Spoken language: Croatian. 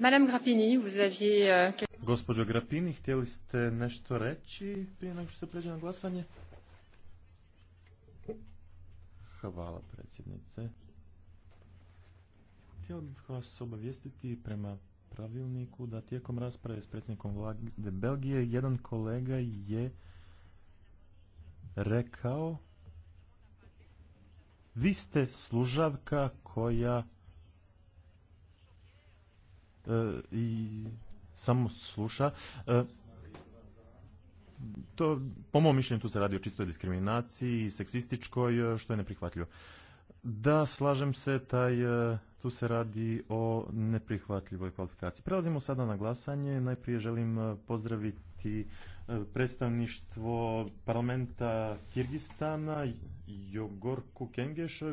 Madame Grappini, vous aviez... Euh, Gospođo Grappini, htjeli ste nešto reći prije nego što se pređe na glasanje? Hvala predsjednice. Htjeli bih vas obavijestiti prema pravilniku da tijekom rasprave s predsjednikom vlade Belgije jedan kolega je rekao vi ste služavka koja E, i samo sluša. E, to, po mom mišljenju, tu se radi o čistoj diskriminaciji i seksističkoj, e, što je neprihvatljivo. Da, slažem se, taj, tu se radi o neprihvatljivoj kvalifikaciji. Prelazimo sada na glasanje. Najprije želim pozdraviti predstavništvo parlamenta Kirgistana, Jogorku Kengeš,